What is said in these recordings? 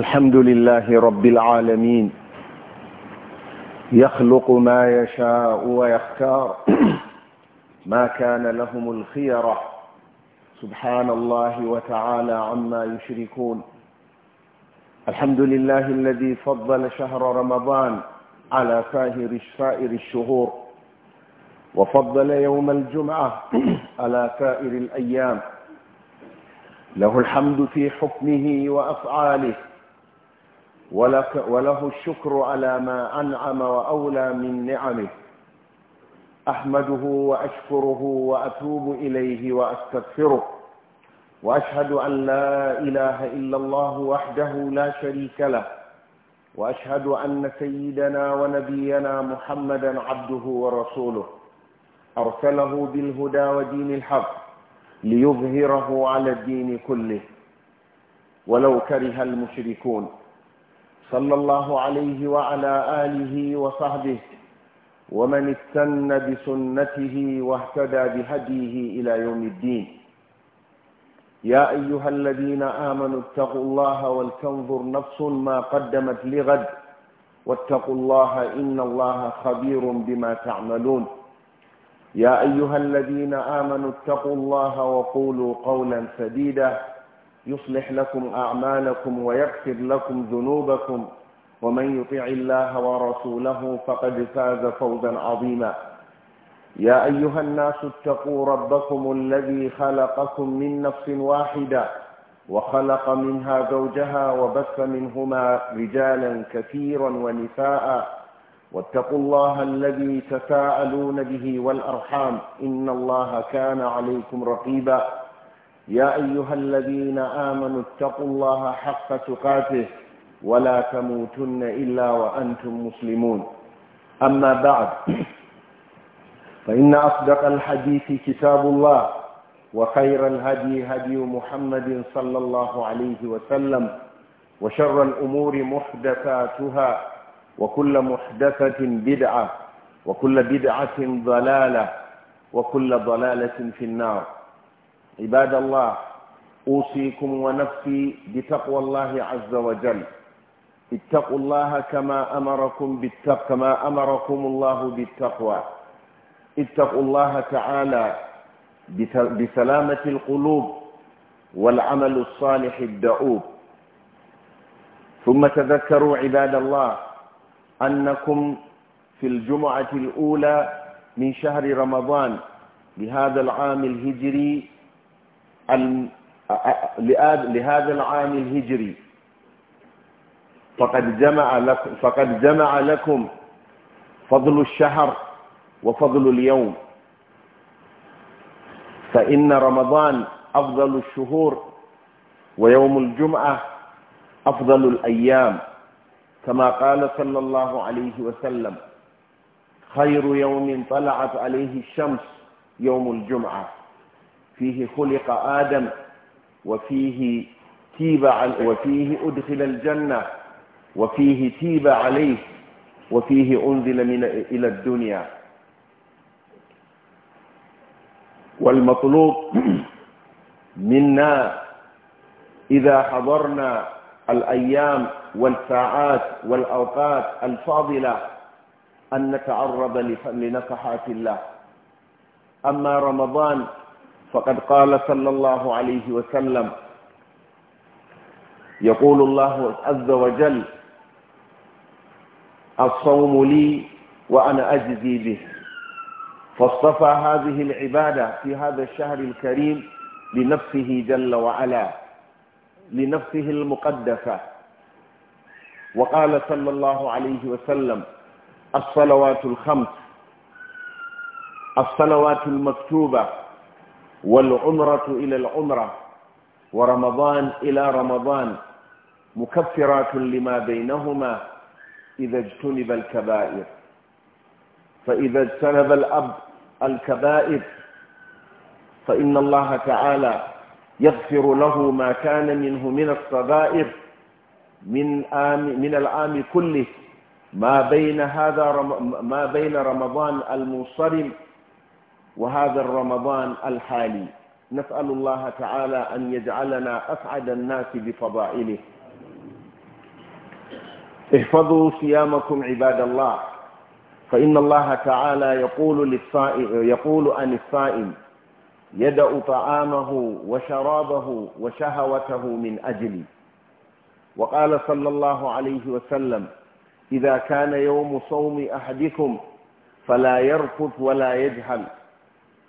الحمد لله رب العالمين يخلق ما يشاء ويختار ما كان لهم الخيرة سبحان الله وتعالى عما يشركون الحمد لله الذي فضل شهر رمضان على سائر سائر الشهور وفضل يوم الجمعة على سائر الأيام له الحمد في حكمه وأفعاله ولك وله الشكر على ما أنعم وأولى من نعمه أحمده وأشكره وأتوب إليه وأستغفره وأشهد أن لا إله إلا الله وحده لا شريك له وأشهد أن سيدنا ونبينا محمدا عبده ورسوله أرسله بالهدى ودين الحق ليظهره على الدين كله ولو كره المشركون صلى الله عليه وعلى آله وصحبه ومن استن بسنته واهتدى بهديه إلى يوم الدين يا أيها الذين آمنوا اتقوا الله ولتنظر نفس ما قدمت لغد واتقوا الله إن الله خبير بما تعملون يا أيها الذين آمنوا اتقوا الله وقولوا قولا سديدا يصلح لكم أعمالكم ويغفر لكم ذنوبكم ومن يطع الله ورسوله فقد فاز فوزا عظيما يا أيها الناس اتقوا ربكم الذي خلقكم من نفس واحدة وخلق منها زوجها وبث منهما رجالا كثيرا ونساء واتقوا الله الذي تساءلون به والأرحام إن الله كان عليكم رقيبا يا أيها الذين آمنوا اتقوا الله حق تقاته ولا تموتن إلا وأنتم مسلمون أما بعد فإن أصدق الحديث كتاب الله وخير الهدي هدي محمد صلى الله عليه وسلم وشر الأمور محدثاتها وكل محدثة بدعة وكل بدعة ضلالة وكل ضلالة في النار عباد الله أوصيكم ونفسي بتقوى الله عز وجل اتقوا الله كما أمركم بالتقوى كما أمركم الله بالتقوى اتقوا الله تعالى بسلامة القلوب والعمل الصالح الدؤوب ثم تذكروا عباد الله أنكم في الجمعة الأولى من شهر رمضان لهذا العام الهجري لهذا العام الهجري فقد جمع لكم, فقد جمع لكم فضل الشهر وفضل اليوم فإن رمضان أفضل الشهور ويوم الجمعة أفضل الأيام كما قال صلى الله عليه وسلم خير يوم طلعت عليه الشمس يوم الجمعة فيه خلق آدم وفيه تيب وفيه أدخل الجنة وفيه تيب عليه وفيه أنزل من إلى الدنيا والمطلوب منا إذا حضرنا الأيام والساعات والأوقات الفاضلة أن نتعرض لنفحات الله أما رمضان فقد قال صلى الله عليه وسلم يقول الله عز وجل الصوم لي وأنا أجزي به فاصطفى هذه العبادة في هذا الشهر الكريم لنفسه جل وعلا لنفسه المقدسة وقال صلى الله عليه وسلم الصلوات الخمس الصلوات المكتوبة والعمرة إلى العمرة ورمضان إلى رمضان مكفرات لما بينهما إذا اجتنب الكبائر فإذا اجتنب الأب الكبائر فإن الله تعالى يغفر له ما كان منه من الصغائر من آم من العام كله ما بين هذا ما بين رمضان المنصرم وهذا الرمضان الحالي نسأل الله تعالى أن يجعلنا أسعد الناس بفضائله احفظوا صيامكم عباد الله فإن الله تعالى يقول, للصائم يقول عن الصائم يدأ طعامه وشرابه وشهوته من أجلي وقال صلى الله عليه وسلم إذا كان يوم صوم أحدكم فلا يرفث ولا يجهل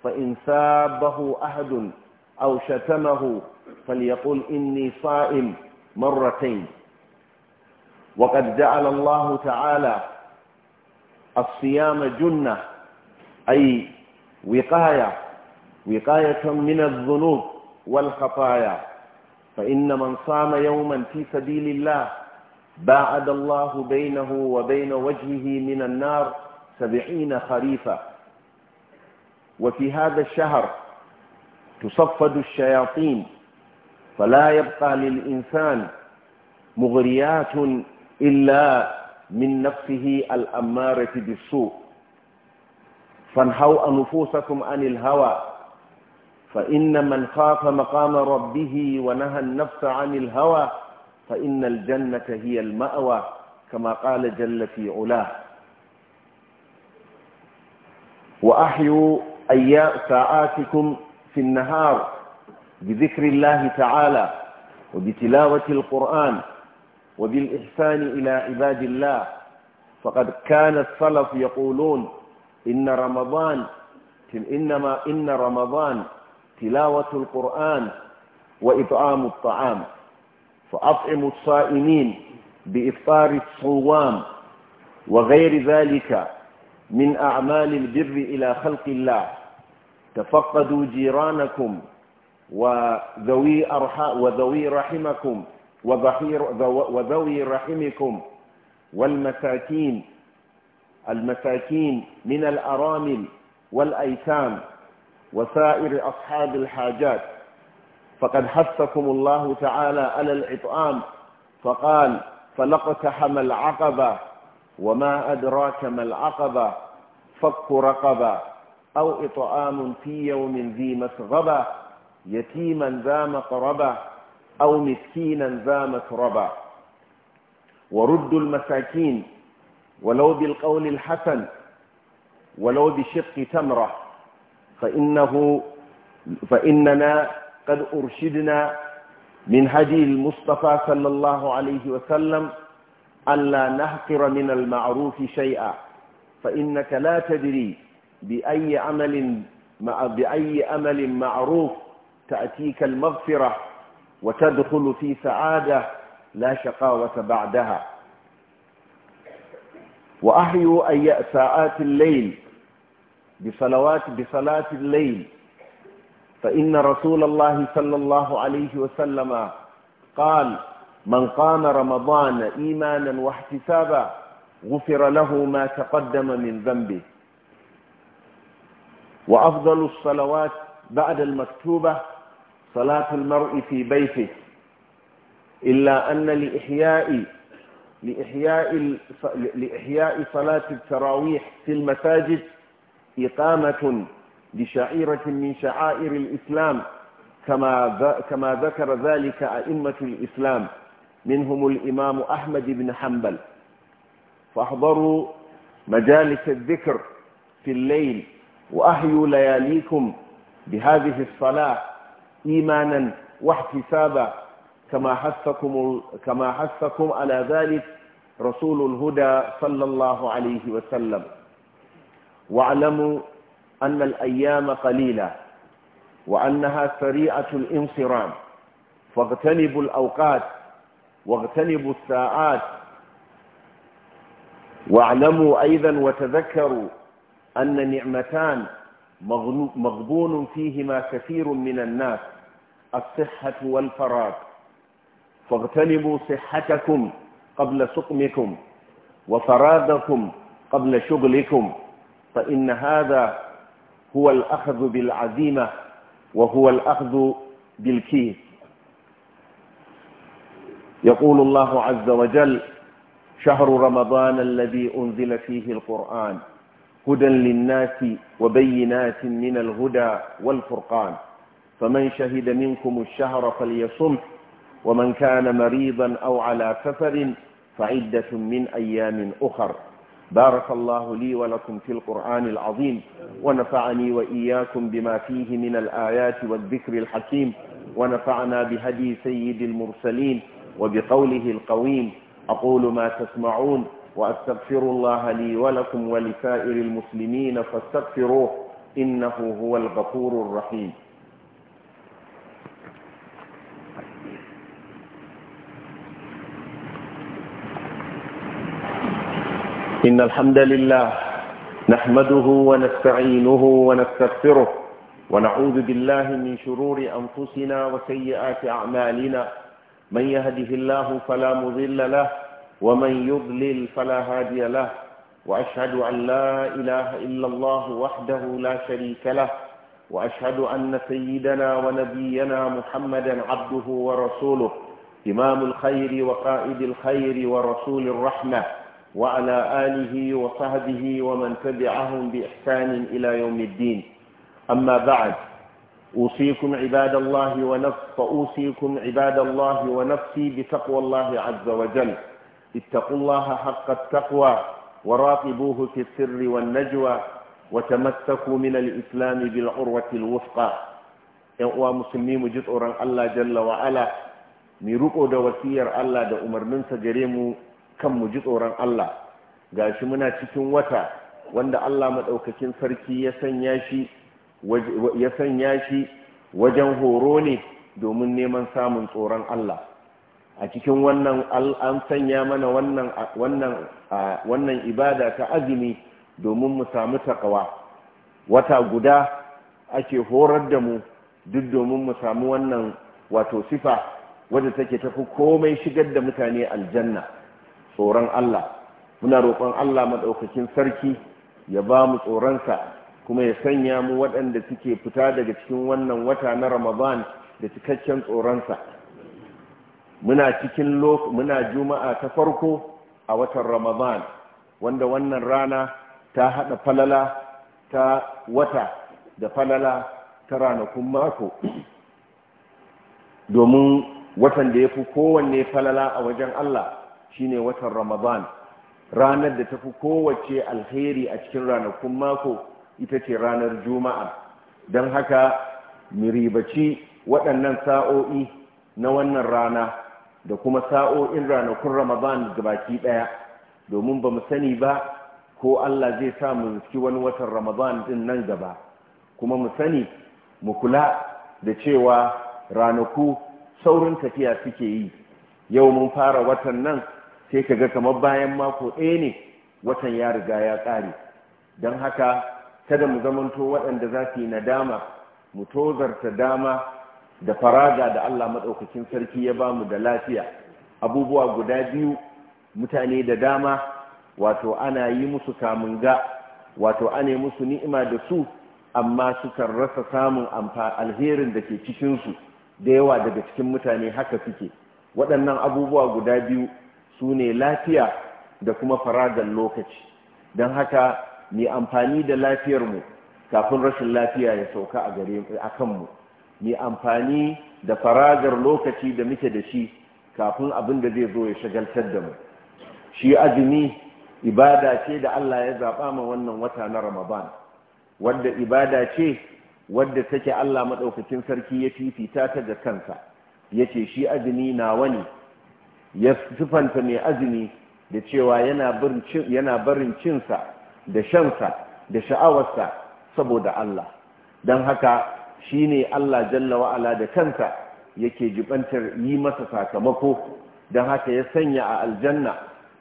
فإن سابه أحد أو شتمه فليقول إني صائم مرتين وقد جعل الله تعالى الصيام جنة أي وقاية وقاية من الذنوب والخطايا فإن من صام يوما في سبيل الله باعد الله بينه وبين وجهه من النار سبعين خريفا وفي هذا الشهر تصفد الشياطين فلا يبقى للإنسان مغريات إلا من نفسه الأمارة بالسوء فانهوا نفوسكم عن الهوى فإن من خاف مقام ربه ونهى النفس عن الهوى فإن الجنة هي المأوى كما قال جل في علاه وأحيوا أي ساعاتكم في النهار بذكر الله تعالى وبتلاوة القرآن وبالإحسان إلى عباد الله فقد كان السلف يقولون إن رمضان إنما إن رمضان تلاوة القرآن وإطعام الطعام فأطعموا الصائمين بإفطار الصوام وغير ذلك من أعمال البر إلى خلق الله تفقدوا جيرانكم وذوي, أرحا وذوي رحمكم وذوي رحمكم والمساكين المساكين من الأرامل والأيتام وسائر أصحاب الحاجات فقد حثكم الله تعالى على الإطعام فقال فلقتحم العقبة وما أدراك ما العقبة فك رقبة أو إطعام في يوم ذي مسغبة يتيما ذا مقربة أو مسكينا ذا متربة ورد المساكين ولو بالقول الحسن ولو بشق تمرة فإنه فإننا قد أرشدنا من هدي المصطفى صلى الله عليه وسلم ألا نحقر من المعروف شيئا فإنك لا تدري بأي عمل بأي أمل معروف تأتيك المغفرة وتدخل في سعادة لا شقاوة بعدها وأحيوا أي ساعات الليل بصلوات بصلاة الليل فإن رسول الله صلى الله عليه وسلم قال من قام رمضان إيمانا واحتسابا غفر له ما تقدم من ذنبه وأفضل الصلوات بعد المكتوبة صلاة المرء في بيته إلا أن لإحياء لإحياء, لإحياء صلاة التراويح في المساجد إقامة لشعيرة من شعائر الإسلام كما كما ذكر ذلك أئمة الإسلام منهم الإمام أحمد بن حنبل فاحضروا مجالس الذكر في الليل وأحيوا لياليكم بهذه الصلاة إيمانا واحتسابا كما حثكم, كما حثكم على ذلك رسول الهدى صلى الله عليه وسلم واعلموا أن الأيام قليلة وأنها سريعة الانصرام فاغتنبوا الأوقات واغتنبوا الساعات واعلموا أيضا وتذكروا أن نعمتان مغبون فيهما كثير من الناس الصحة والفراغ فاغتنبوا صحتكم قبل سقمكم وفراغكم قبل شغلكم فإن هذا هو الأخذ بالعزيمة وهو الأخذ بالكيس يقول الله عز وجل شهر رمضان الذي أنزل فيه القرآن هدى للناس وبينات من الهدى والفرقان فمن شهد منكم الشهر فليصم ومن كان مريضا أو على سفر فعدة من أيام أخر بارك الله لي ولكم في القرآن العظيم ونفعني وإياكم بما فيه من الآيات والذكر الحكيم ونفعنا بهدي سيد المرسلين وبقوله القويم أقول ما تسمعون وأستغفر الله لي ولكم ولسائر المسلمين فاستغفروه إنه هو الغفور الرحيم إن الحمد لله نحمده ونستعينه ونستغفره ونعوذ بالله من شرور أنفسنا وسيئات أعمالنا من يهده الله فلا مضل له ومن يضلل فلا هادي له وأشهد أن لا إله إلا الله وحده لا شريك له وأشهد أن سيدنا ونبينا محمدا عبده ورسوله إمام الخير وقائد الخير ورسول الرحمة وعلى آله وصحبه ومن تبعهم بإحسان إلى يوم الدين أما بعد أوصيكم عباد الله ونفس فأوصيكم عباد الله ونفسي بتقوى الله عز وجل اتقوا الله حق التقوى وراقبوه في السر والنجوى وتمسكوا من الإسلام بالعروة الوثقى يقوى مسلمين جزء الله جل وعلا ميروكو دا وسير الله دا أمر ننسى كم جزء الله قال شمنا تكون وتا وان الله مدعوككين سركي يسن ياشي ya sanya shi wajen horo ne domin neman samun tsoron Allah a cikin wannan an sanya mana wannan ibada ta azumi domin mu samu takawa wata guda ake horar da mu duk domin mu samu wannan wato sifa wadda take tafi komai shigar da mutane aljanna tsoron Allah muna roƙon Allah maɗaukakin sarki ya ba mu tsoronsa kuma ya sanya mu waɗanda suke fita daga cikin wannan wata na ramadan da cikakken tsoronsa muna cikin muna juma'a ta farko a watan ramadan wanda wannan rana ta haɗa falala ta wata da falala ta ranakun mako domin watan da ya fi kowanne falala a wajen Allah shine watan ramadan ranar da ta fi kowace alheri a cikin ranakun mako ita ce ranar juma'a don haka miribaci waɗannan sa'o'i na wannan rana da kuma sa'o'in ranakun ramadan baki ɗaya domin ba mu sani ba ko allah zai sa mu ziki wani watan ramadan din nan gaba kuma mu sani mu kula da cewa ranaku saurin tafiya suke yi yau mun fara watan nan sai ka ga kamar bayan mako ɗaya ne watan ya riga ya ƙare don haka kada mu zamanto waɗanda za su yi nadama mu tozarta dama da faraga da Allah maɗaukakin sarki ya ba mu da lafiya abubuwa guda biyu mutane da dama wato ana yi musu kamun ga wato ana yi musu ni'ima da su amma sukan rasa samun alherin da ke cikinsu da yawa daga cikin mutane haka suke waɗannan abubuwa guda biyu su ne lafiya da kuma faragar lokaci don haka mai amfani da lafiyar mu kafin rashin lafiya ya sauka a gare a kanmu mai amfani da faragar lokaci da muke da shi kafin abin da zai zo ya shagaltar da mu shi azumi ibada ce da Allah ya zaɓa ma wannan wata na Ramadan wadda ibada ce wadda take Allah maɗaukacin sarki ya fifita ta ga kansa ya ce shi azumi na wani ya sifanta mai azumi da cewa yana barin cinsa da shansa da sha'awarsa saboda Allah don haka shi ne Allah jalla wa'ala da kansa yake jibantar yi masa sakamako don haka ya sanya a aljanna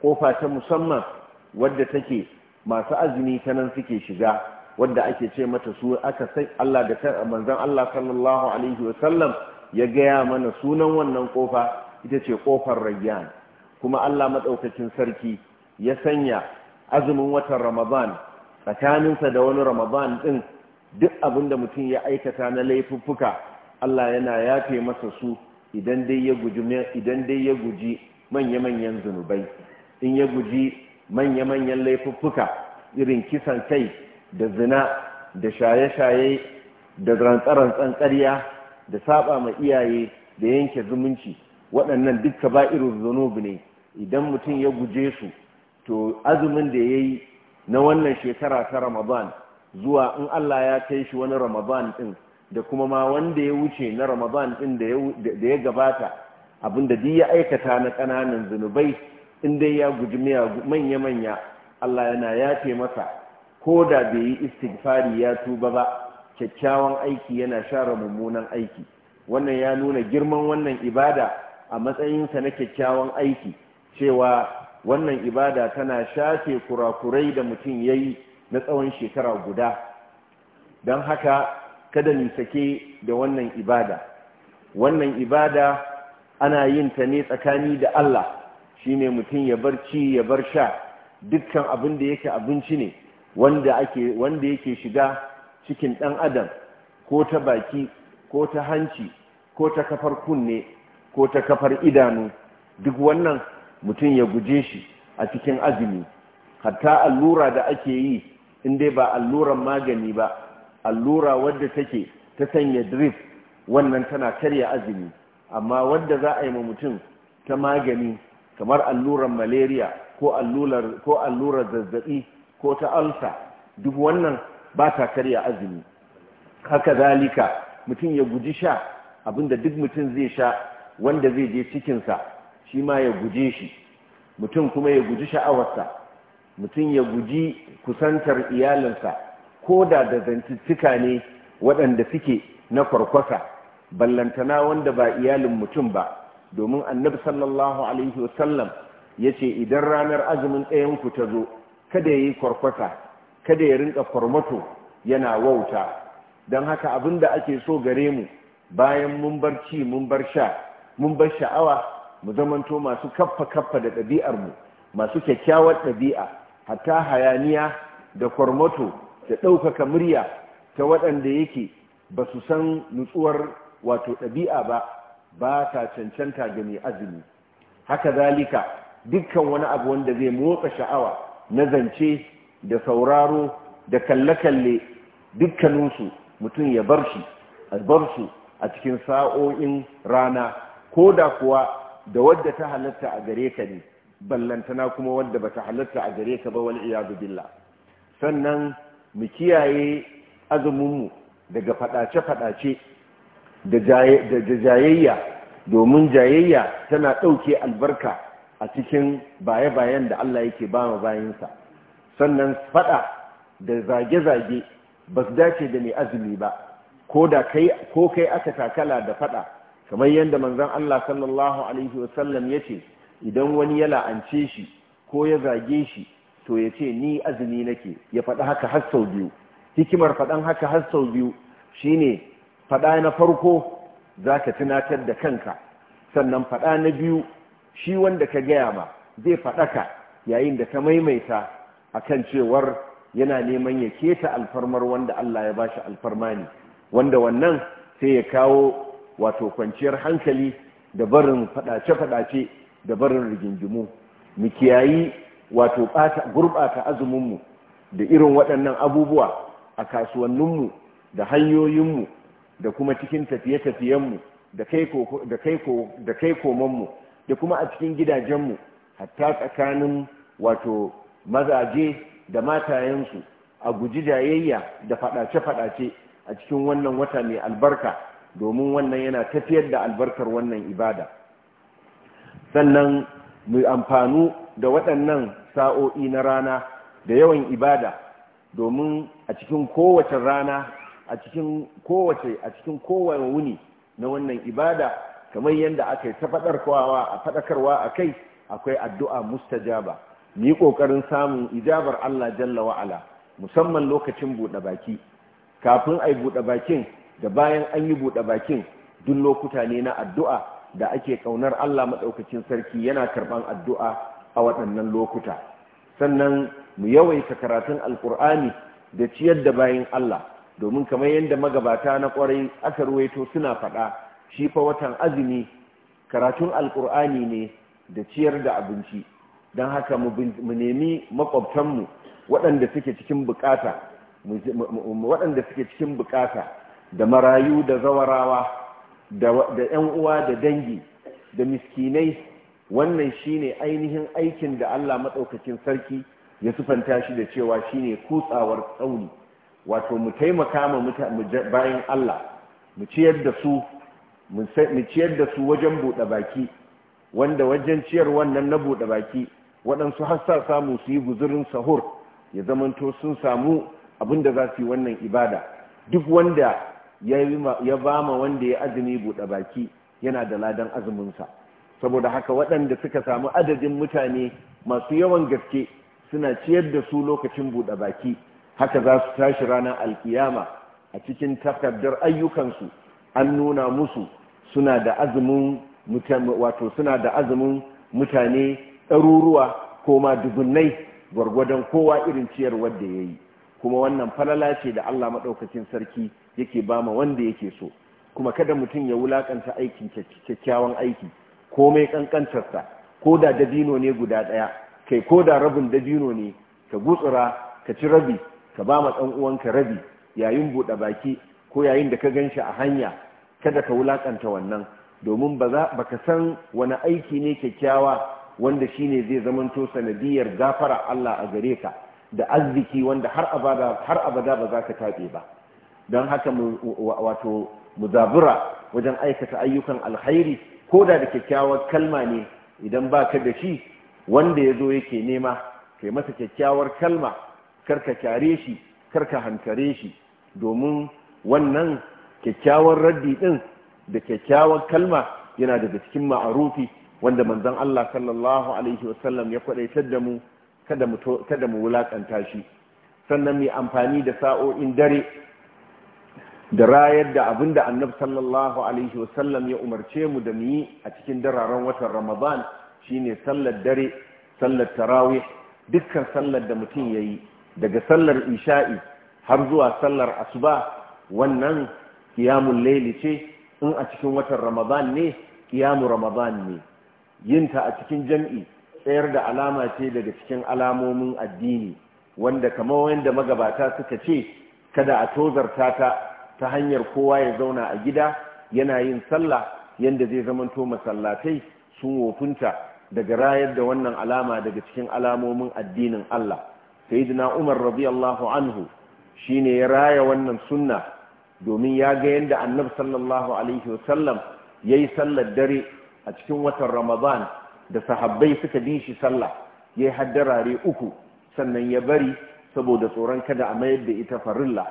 ƙofa ta musamman wadda take masu azumi ta nan suke shiga wadda ake ce mata su aka sai Allah da kan manzon Allah sallallahu alaihi wasallam ya gaya mana sunan wannan ƙofa ita ce ƙofar rayyan kuma Allah maɗaukacin sarki ya sanya azumin watan ramadan tsakaninsa da wani ramadan din duk abin da mutum ya aikata na laifuffuka Allah yana yafe masa su idan dai ya guji idan dai ya guji manya-manyan zunubai in ya guji manya-manyan laifuffuka irin kisan kai da zina da shaye-shaye da rantsarantsan ƙarya da saba ma iyaye da yanke zumunci waɗannan duk irin zunubi ne idan mutum ya guje su to azumin da ya yi na wannan shekara ta ramadan zuwa in allah ya kai shi wani ramadan din, da kuma ma wanda ya wuce na ramadan din da ya gabata abinda duk ya aikata na ƙananan zunubai in dai ya guji manya-manya allah yana yafe masa ko da bai yi istighfari ya tuba ba kyakkyawan aiki yana share mummunan aiki wannan ya nuna girman wannan ibada a matsayinsa na kyakkyawan aiki cewa wannan ibada tana shafe kurakurai da mutum ya yi na tsawon shekara guda don haka kada ni sake da wannan ibada wannan ibada ana yin ta ne tsakani da Allah shine mutum ya bar ci ya bar sha dukkan abin da yake abinci ne wanda wanda yake shiga cikin ɗan adam ko ta baki ko ta hanci ko ta kafar kunne ko ta kafar idanu duk wannan mutum ya guje shi a cikin azumi hatta allura da ake yi in dai ba alluran magani ba allura wadda take ta sanya drip wannan tana karya azumi amma wadda za a yi ma mutum ta magani kamar alluran malaria ko allurar ko allurar zazzabi ko ta alsa duk wannan ba ta karya azumi haka zalika mutum ya guji sha abinda duk mutum zai sha wanda zai je cikinsa shi ma ya guje shi mutum kuma ya guji sha'awarsa mutum ya guji kusantar iyalinsa ko da da zantuttuka ne waɗanda suke na kwarkwasa ballantana wanda ba iyalin mutum ba domin annabi sallallahu alaihi wasallam ya ce idan ranar azumin ku ta zo kada ya yi kwarkwasa kada ya rinka kwarmato yana wauta don haka abin da ake so gare mu bayan mun bar ci mun mun bar sha'awa mu zamanto masu kaffa kaffa da ɗabi'ar mu masu kyakkyawar ɗabi'a hatta hayaniya da kwarmato da ɗaukaka murya ta waɗanda yake ba su san nutsuwar wato ɗabi'a ba ba ta cancanta ga mai azumi haka zalika dukkan wani abu wanda zai motsa sha'awa na zance da sauraro da kalle-kalle dukkaninsu mutum ya bar shi a cikin sa'o'in rana ko da kuwa da wadda ta halatta a gare ka ne ballantana kuma wadda ba ta halatta a gare ka ba wal iyadu billah sannan mu kiyaye azuminmu daga fadace-fadace da jayayya domin jayayya tana ɗauke albarka a cikin baye-bayen da Allah yake ba ma bayansa sannan fada da zage-zage ba su dace da mai azumi ba ko kai aka takala da fada kamar yadda manzon Allah sallallahu alaihi wasallam yace idan wani ya la'ance shi ko ya zage shi to ya ce ni azumi nake ya faɗi haka har sau biyu hikimar faɗan haka har sau biyu shine faɗa na farko za ka tunatar da kanka sannan faɗa na biyu shi wanda ka gaya ma zai faɗaka yayin da ka maimaita akan cewar yana neman ya keta alfarmar wanda Allah ya bashi alfarma ne wanda wannan sai ya kawo wato kwanciyar hankali da barin fadace-fadace da barin rigingimu mu kiyayi wato gurɓata azuminmu da irin waɗannan abubuwa a kasuwanninmu da hanyoyinmu da kuma cikin tafiye-tafiyenmu da kai komanmu da kuma a cikin gidajenmu hatta tsakanin wato mazaje da matayensu a guji jayayya da fadace-fadace a cikin wannan wata mai albarka domin wannan yana tafiyar da albarkar wannan ibada sannan mu amfanu da waɗannan sa'o'i na rana da yawan ibada domin a cikin kowace rana a cikin kowace a cikin kowane wuni na wannan ibada kamar yadda aka yi ta faɗarwa a faɗakarwa a kai akwai addu'a mustajaba mu yi ƙoƙarin samun ijabar Allah jalla wa'ala musamman lokacin buɗe baki kafin a buɗe bakin da bayan an yi buɗe bakin duk lokuta ne na addu'a da ake ƙaunar Allah maɗaukacin sarki yana karɓan addu'a a waɗannan lokuta sannan mu yawaita karatun alƙur'ani da ciyar da bayan Allah domin kamar yadda magabata na ƙwarai aka ruwaito suna faɗa shi fa watan azumi karatun alƙur'ani ne da ciyar da abinci don haka mu nemi maƙwabtanmu waɗanda suke cikin bukata waɗanda suke cikin bukata da marayu da zawarawa da ‘yan uwa da dangi da miskinai wannan shine ainihin aikin da Allah Madaukakin sarki ya sufanta shi da cewa shine kutsawar tsauni wato mu taimaka ma bayan Allah mu ciyar da su mu ciyar da su wajen buɗe baki wanda wajen ciyar wannan na buɗe baki waɗansu har sa samu su yi guzurin sahur ya zamanto sun samu abinda da za su yi wannan ibada duk wanda ya ba ma wanda ya azumi buɗe baki yana da ladan azuminsa saboda haka waɗanda suka samu adadin mutane masu yawan gaske suna ciyar da su lokacin buɗe baki haka za su tashi ranar alkiyama a cikin takardar ayyukansu an nuna musu suna da azumin wato suna da azumin mutane ɗaruruwa ko ma dubunnai gwargwadon kowa irin ciyar wadda ya yi kuma wannan falala ce da Allah maɗaukacin sarki yake ba ma wanda yake so kuma kada mutum ya wulakanta aikin kyakkyawan aiki ko komai kankantarsa ko da dabino ne guda ɗaya kai ko da rabin dabino ne ka gutsura ka ci rabi ka ba ma ɗan uwanka rabi yayin buɗe baki ko yayin da ka gan shi a hanya kada ka wulakanta wannan domin ba ka san wani aiki ne kyakkyawa wanda shine zai zamanto sanadiyar gafara Allah a gare ka da arziki wanda har abada har ba za ka taɓe ba don haka wato muzabura wajen aikata ayyukan alkhairi ko da da kyakkyawar kalma ne idan ba ka da shi wanda ya zo yake nema kai masa kyakkyawar kalma karka kyare shi karka hankare shi domin wannan kyakkyawar raddi din da kyakkyawar kalma yana daga cikin ma'arufi wanda manzon Allah sallallahu alaihi wasallam ya kwadaitar da mu kada mu wulaƙanta shi sannan mai amfani da sa'o'in dare da rayar da abin da annab sallallahu alaihi wasallam ya umarce mu da mu yi a cikin dararen watan ramadan shine sallar dare sallar tarawih dukkan sallar da mutum ya yi daga sallar isha'i har zuwa sallar asuba wannan kiyamun laili ce in a cikin watan ramadan ne kiyamu ramadan ne yinta a cikin jam'i tsayar da alama ce daga cikin alamomin addini wanda kamar wanda magabata suka ce kada a tozarta ta ta hanyar kowa ya zauna a gida yana yin sallah yanda zai zamanto masallatai sun wofinta daga rayar da wannan alama daga cikin alamomin addinin Allah sayyidina Umar radiyallahu anhu shine ya raya wannan sunna domin ya ga yanda annabi sallallahu alaihi wasallam yayi sallar dare a cikin watan Ramadan da sahabbai suka bi shi sallah ya yi haddarare uku sannan ya bari saboda tsoron kada a mayar da ita farilla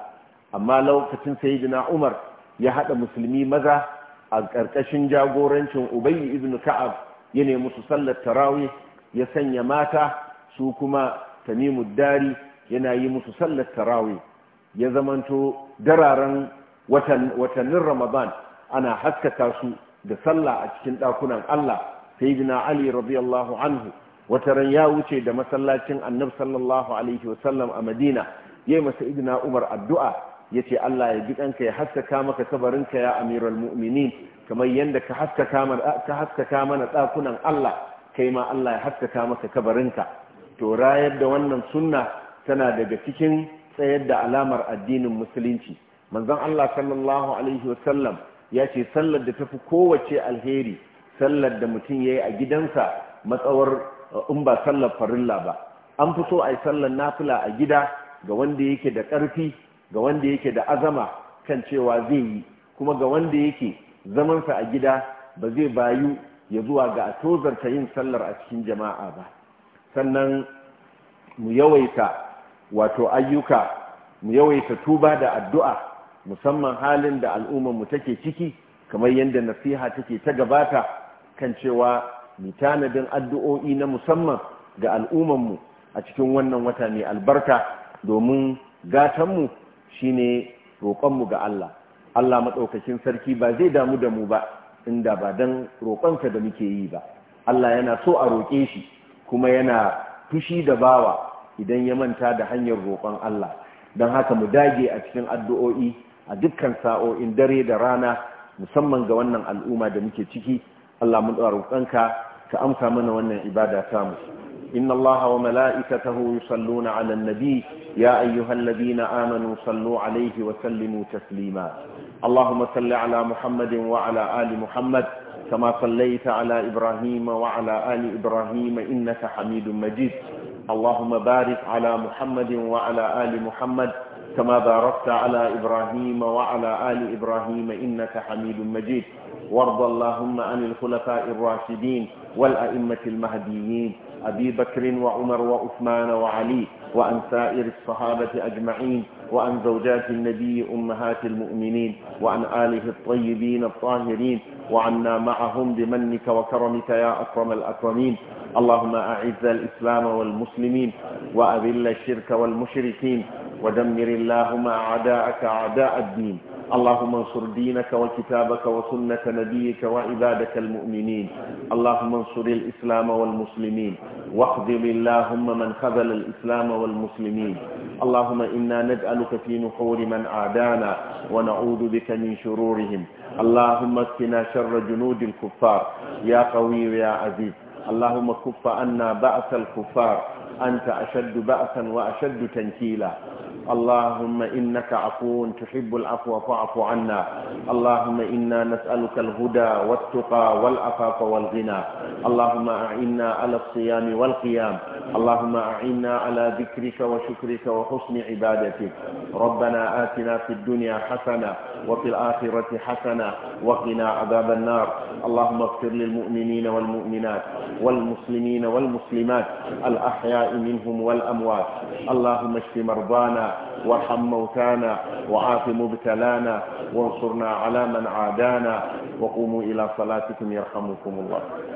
amma lokacin sayyidina umar ya haɗa musulmi maza a ƙarƙashin jagorancin ubayi ibn ka'ab ya ne musu sallar tarawih ya sanya mata su kuma tamimu dari yana yi musu sallar tarawih ya zamanto dararen watannin ramadan ana haskaka su da sallah a cikin ɗakunan allah sayyidina ali radiyallahu anhu wata ran ya wuce da masallacin annab sallallahu alaihi wasallam a madina yayi masa sayyidina umar addu'a yace Allah ya bi ɗanka ya haskaka maka kabarinka ya amiral mu'minin kamar yanda ka haskaka mana ka haskaka mana dakunan Allah kai ma Allah ya haskaka maka kabarinka to rayar da wannan sunna tana daga cikin tsayar da alamar addinin musulunci manzon Allah sallallahu alaihi ya ce sallar da tafi kowace alheri sallar da mutum ya yi a gidansa matsawar uh, in ba sallar farilla ba an fi so a yi sallar nafila a gida ga wanda yake da ƙarfi ga wanda yake da azama kan cewa zai yi kuma ga wanda yake zamansa a gida ba zai bayu ya zuwa ga tozarta yin sallar a cikin jama'a ba sannan mu yawaita wato ayyuka mu yawaita tuba da addu'a musamman halin da al'ummar mu take ciki kamar yadda nasiha take ta gabata kan cewa mu tanadin addu'o'i na musamman ga mu a cikin wannan wata mai albarka domin gatanmu shine roƙonmu ga Allah Allah maɗaukakin sarki ba zai damu da mu ba inda ba don roƙonsa da muke yi ba Allah yana so a roƙe shi kuma yana fushi da bawa idan ya manta da hanyar roƙon Allah don haka mu dage a cikin addu'o'i a dukkan sa'o'in dare da rana musamman ga wannan al'umma da muke ciki Allah mun ɗora roƙonka ka amsa mana wannan ibada samu إن الله وملائكته يصلون على النبي يا أيها الذين آمنوا صلوا عليه وسلموا تسليما اللهم صل على محمد وعلى آل محمد كما صليت على إبراهيم وعلى آل إبراهيم إنك حميد مجيد اللهم بارك على محمد وعلى آل محمد كما باركت على إبراهيم وعلى آل إبراهيم إنك حميد مجيد وارض اللهم عن الخلفاء الراشدين والأئمة المهديين أبي بكر وعمر وعثمان وعلي وعن سائر الصحابة أجمعين وعن زوجات النبي أمهات المؤمنين وعن آله الطيبين الطاهرين وعنا معهم بمنك وكرمك يا أكرم الأكرمين اللهم أعز الإسلام والمسلمين وأذل الشرك والمشركين ودمر اللهم أعداءك أعداء الدين اللهم انصر دينك وكتابك وسنة نبيك وعبادك المؤمنين اللهم انصر الإسلام والمسلمين واخذل اللهم من خذل الإسلام والمسلمين اللهم إنا نجألك في نحور من أعدانا ونعوذ بك من شرورهم اللهم اكفنا شر جنود الكفار يا قوي يا عزيز اللهم كف عنا بأس الكفار أنت أشد بأسا وأشد تنكيلا اللهم إنك عفو تحب العفو فاعف عنا اللهم إنا نسألك الهدى والتقى والعفاف والغنى اللهم أعنا على الصيام والقيام اللهم أعنا على ذكرك وشكرك وحسن عبادتك ربنا آتنا في الدنيا حسنة وفي الآخرة حسنة وقنا عذاب النار اللهم اغفر للمؤمنين والمؤمنات والمسلمين والمسلمات الأحياء منهم والأموات اللهم اشف مرضانا وارحم موتانا وعاف مبتلانا وانصرنا على من عادانا وقوموا إلى صلاتكم يرحمكم الله